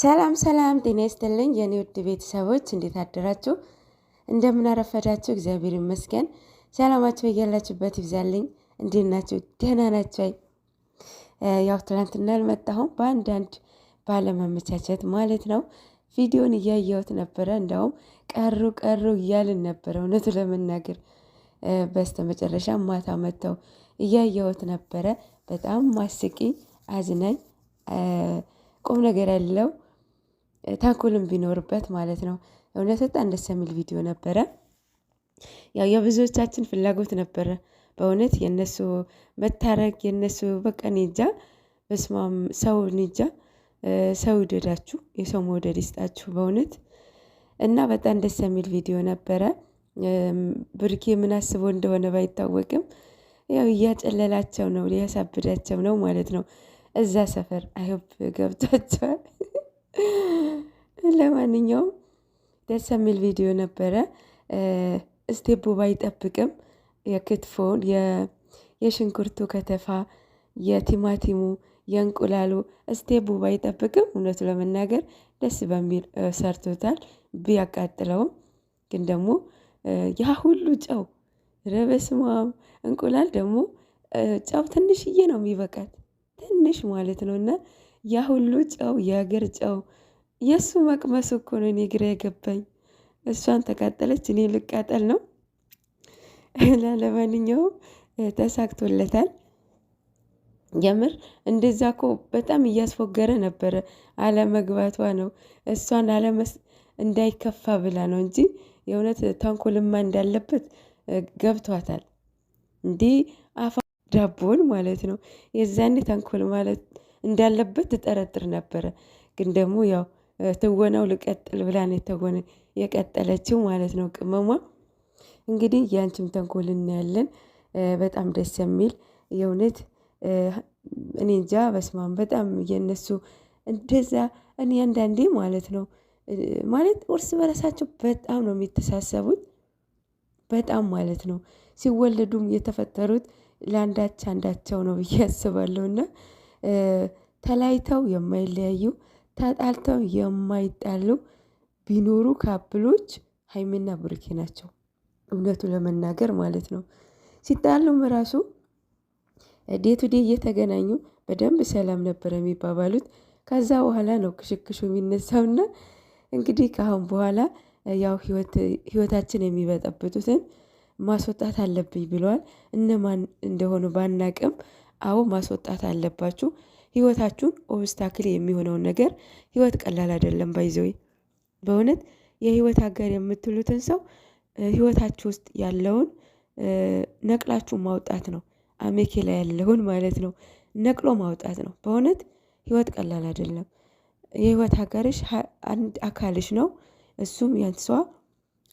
ሰላም ሰላም፣ ጤና ይስጥልኝ የኔ ውድ ቤተሰቦች እንዴት አደራችሁ? እንደምን አረፈዳችሁ? እግዚአብሔር ይመስገን። ሰላማችሁ እያላችሁበት ይብዛልኝ። እንዴት ናችሁ? ደህና ናችሁ? ያው ትላንትና አልመጣሁም በአንዳንድ ባለመመቻቸት ማለት ነው። ቪዲዮን እያየሁት ነበረ። እንዳውም ቀሩ ቀሩ እያልን ነበረ። እውነቱ ለመናገር በስተ መጨረሻ ማታ መጥተው እያየሁት ነበረ። በጣም ማስቂኝ፣ አዝናኝ፣ ቁም ነገር ያለው ተንኮልም ቢኖርበት ማለት ነው። እውነት በጣም ደስ የሚል ቪዲዮ ነበረ። ያው የብዙዎቻችን ፍላጎት ነበረ። በእውነት የነሱ መታረግ የነሱ በቃ ኔጃ በስማም ሰው ኔጃ ሰው ይውደዳችሁ፣ የሰው መውደድ ይስጣችሁ በእውነት እና በጣም ደስ የሚል ቪዲዮ ነበረ። ብርኬ ምን አስቦ እንደሆነ ባይታወቅም ያው እያጨለላቸው ነው ሊያሳብዳቸው ነው ማለት ነው። እዛ ሰፈር አይሆብ ገብቷቸዋል። ለማንኛውም ደስ የሚል ቪዲዮ ነበረ። ስቴፑ ባይጠብቅም የክትፎን፣ የሽንኩርቱ ከተፋ፣ የቲማቲሙ፣ የእንቁላሉ ስቴፑ ባይጠብቅም እውነቱ ለመናገር ደስ በሚል ሰርቶታል። ቢያቃጥለውም ግን ደግሞ ያ ሁሉ ጨው ረበስማም እንቁላል ደግሞ ጨው ትንሽዬ ነው የሚበቃት ትንሽ ማለት ነው እና ያ ሁሉ ጨው የእግር ጨው የእሱ መቅመስ እኮ ነው እኔ ግራ የገባኝ። እሷን ተቃጠለች እኔ ልቃጠል ነው። ለማንኛውም ተሳክቶለታል። የምር እንደዛ ኮ በጣም እያስፎገረ ነበረ። አለመግባቷ ነው እሷን አለመስ እንዳይከፋ ብላ ነው እንጂ የእውነት ተንኮልማ እንዳለበት ገብቷታል። እንዲህ አፋ ዳቦን ማለት ነው የዛኔ ተንኮል ማለት እንዳለበት ትጠረጥር ነበረ ግን ደግሞ ያው ትወናው ልቀጥል ብላን የተወነ የቀጠለችው ማለት ነው። ቅመሟ እንግዲህ ያንቺም ተንኮል እናያለን። በጣም ደስ የሚል የእውነት እኔ እንጃ በስማም በጣም የነሱ እንደዛ እኔ አንዳንዴ ማለት ነው ማለት እርስ በራሳቸው በጣም ነው የሚተሳሰቡት በጣም ማለት ነው። ሲወለዱም የተፈጠሩት ለአንዳች አንዳቸው ነው ብዬ አስባለሁና ተለያይተው የማይለያዩ ተጣልተው የማይጣሉ ቢኖሩ ካፕሎች ሀይሚና ብሩኬ ናቸው። እውነቱ ለመናገር ማለት ነው። ሲጣሉም ራሱ ዴ ቱ ዴ እየተገናኙ በደንብ ሰላም ነበር የሚባባሉት። ከዛ በኋላ ነው ክሽክሹ የሚነሳውና እንግዲህ ከአሁን በኋላ ያው ህይወታችን የሚበጠብጡትን ማስወጣት አለብኝ ብለዋል። እነማን እንደሆኑ ባናቅም፣ አዎ ማስወጣት አለባችሁ። ህይወታችሁን ኦብስታክል የሚሆነውን ነገር ህይወት ቀላል አይደለም። ባይዘዊ በእውነት የህይወት ሀገር የምትሉትን ሰው ህይወታችሁ ውስጥ ያለውን ነቅላችሁ ማውጣት ነው። አሜኬ ላይ ያለውን ማለት ነው፣ ነቅሎ ማውጣት ነው። በእውነት ህይወት ቀላል አይደለም። የህይወት ሀገርሽ አንድ አካልሽ ነው፣ እሱም ያንሷ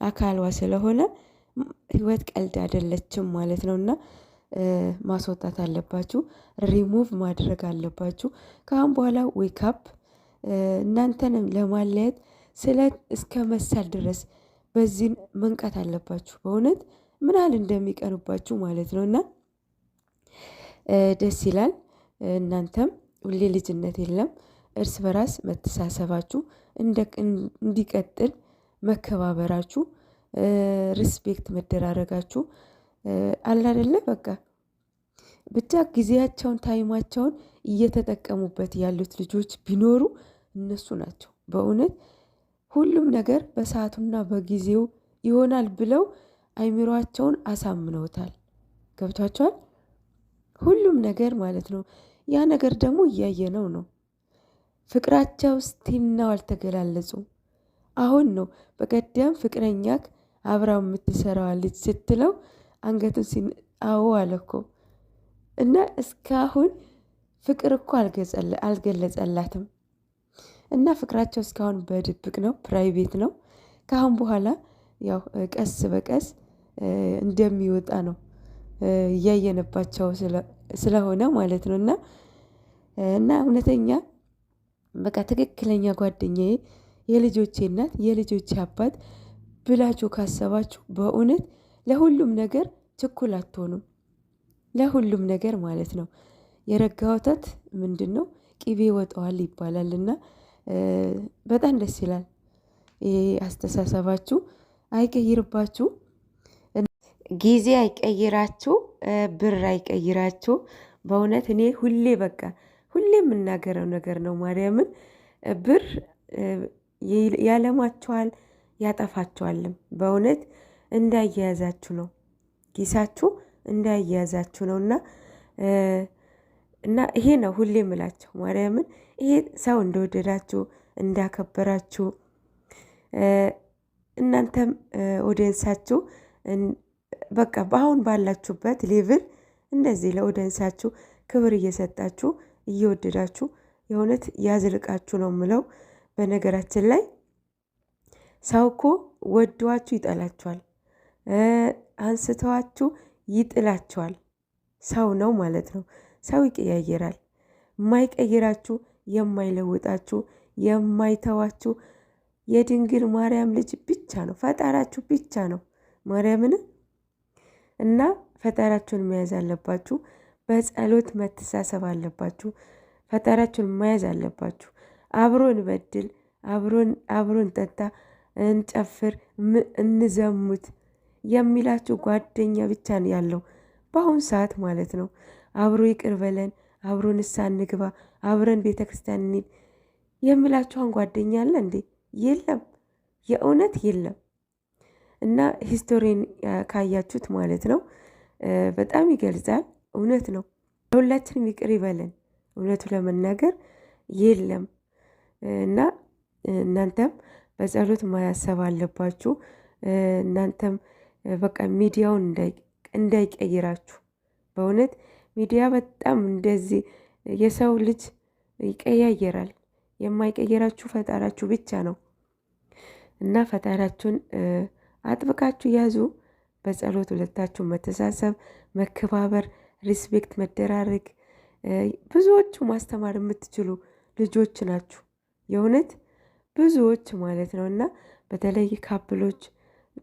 አካልዋ ስለሆነ ህይወት ቀልድ አይደለችም ማለት ነው እና ማስወጣት አለባችሁ፣ ሪሙቭ ማድረግ አለባችሁ። ከአሁን በኋላ ዌካፕ እናንተንም ለማለየት ስለት እስከ መሳል ድረስ በዚህን መንቃት አለባችሁ። በእውነት ምን ያህል እንደሚቀኑባችሁ ማለት ነው። እና ደስ ይላል። እናንተም ሁሌ ልጅነት የለም። እርስ በራስ መተሳሰባችሁ እንዲቀጥል መከባበራችሁ፣ ሪስፔክት መደራረጋችሁ አለ አይደለ በቃ ብቻ ጊዜያቸውን ታይማቸውን እየተጠቀሙበት ያሉት ልጆች ቢኖሩ እነሱ ናቸው። በእውነት ሁሉም ነገር በሰዓቱና በጊዜው ይሆናል ብለው አይምሯቸውን አሳምነውታል። ገብቷቸዋል ሁሉም ነገር ማለት ነው። ያ ነገር ደግሞ እያየነው ነው። ፍቅራቸው ስቲናው አልተገላለጹም። አሁን ነው በቀደም ፍቅረኛክ አብራው የምትሰራዋ ልጅ ስትለው አንገቱን ሲን አዎ አለ እኮ እና እስካሁን ፍቅር እኮ አልገለጸላትም። እና ፍቅራቸው እስካሁን በድብቅ ነው፣ ፕራይቬት ነው። ከአሁን በኋላ ያው ቀስ በቀስ እንደሚወጣ ነው እያየነባቸው ስለሆነ ማለት ነው እና እና እውነተኛ በቃ ትክክለኛ ጓደኛዬ የልጆቼ እናት የልጆቼ አባት ብላችሁ ካሰባችሁ በእውነት ለሁሉም ነገር ችኩል አትሆኑም። ለሁሉም ነገር ማለት ነው። የረጋ ወተት ምንድን ነው ቂቤ ወጠዋል ይባላል እና በጣም ደስ ይላል። አስተሳሰባችሁ አይቀይርባችሁ፣ ጊዜ አይቀይራችሁ፣ ብር አይቀይራችሁ። በእውነት እኔ ሁሌ በቃ ሁሌ የምናገረው ነገር ነው። ማርያምን ብር ያለማችኋል ያጠፋችኋልም በእውነት እንዳያያዛችሁ ነው ኪሳችሁ እንዳያያዛችሁ ነው እና እና ይሄ ነው ሁሌ የምላቸው ማርያምን። ይሄ ሰው እንደወደዳችሁ እንዳከበራችሁ እናንተም ኦዲየንሳችሁ በቃ በአሁን ባላችሁበት ሌቭል እንደዚህ ለኦዲየንሳችሁ ክብር እየሰጣችሁ እየወደዳችሁ የእውነት ያዝልቃችሁ ነው ምለው በነገራችን ላይ ሰው እኮ ወዷችሁ ይጠላችኋል። አንስተዋችሁ ይጥላችኋል። ሰው ነው ማለት ነው። ሰው ይቀያየራል። የማይቀይራችሁ የማይለውጣችሁ የማይተዋችሁ የድንግል ማርያም ልጅ ብቻ ነው፣ ፈጣራችሁ ብቻ ነው። ማርያምን እና ፈጣራችሁን መያዝ አለባችሁ። በጸሎት መተሳሰብ አለባችሁ። ፈጣራችሁን መያዝ አለባችሁ። አብሮን በድል አብሮን ጠጣ፣ እንጨፍር፣ እንዘሙት የሚላችሁ ጓደኛ ብቻ ነው ያለው በአሁን ሰዓት ማለት ነው። አብሮ ይቅር በለን፣ አብሮ ንሳ እንግባ፣ አብረን ቤተ ክርስቲያን እንሂድ የሚላችኋን ጓደኛ አለ እንዴ? የለም፣ የእውነት የለም። እና ሂስቶሪን ካያችሁት ማለት ነው በጣም ይገልጻል። እውነት ነው። ለሁላችንም ይቅር ይበለን። እውነቱ ለመናገር የለም እና እናንተም በጸሎት ማያሰብ አለባችሁ እናንተም በቃ ሚዲያውን እንዳይቀይራችሁ። በእውነት ሚዲያ በጣም እንደዚህ የሰው ልጅ ይቀያየራል። የማይቀየራችሁ ፈጣራችሁ ብቻ ነው እና ፈጣራችሁን አጥብቃችሁ ያዙ። በጸሎት ሁለታችሁ መተሳሰብ፣ መከባበር፣ ሪስፔክት መደራረግ። ብዙዎቹ ማስተማር የምትችሉ ልጆች ናችሁ፣ የእውነት ብዙዎች ማለት ነው እና በተለይ ካፕሎች፣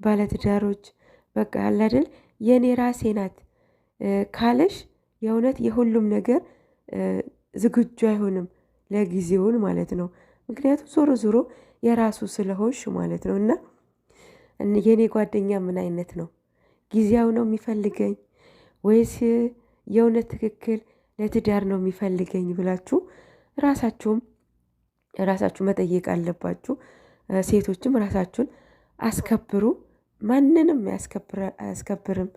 ባለትዳሮች በቃ ያለ አይደል የኔ ራሴ ናት ካለሽ የእውነት የሁሉም ነገር ዝግጁ አይሆንም ለጊዜውን ማለት ነው። ምክንያቱም ዞሮ ዞሮ የራሱ ስለሆንሽ ማለት ነው። እና የእኔ ጓደኛ ምን አይነት ነው? ጊዜያው ነው የሚፈልገኝ ወይስ የእውነት ትክክል ለትዳር ነው የሚፈልገኝ ብላችሁ ራሳችሁም ራሳችሁ መጠየቅ አለባችሁ። ሴቶችም ራሳችሁን አስከብሩ። ማንንም አያስከብርም።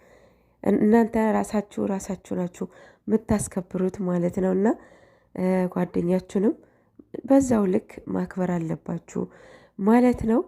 እናንተ ራሳችሁ ራሳችሁ ናችሁ የምታስከብሩት ማለት ነው። እና ጓደኛችሁንም በዛው ልክ ማክበር አለባችሁ ማለት ነው።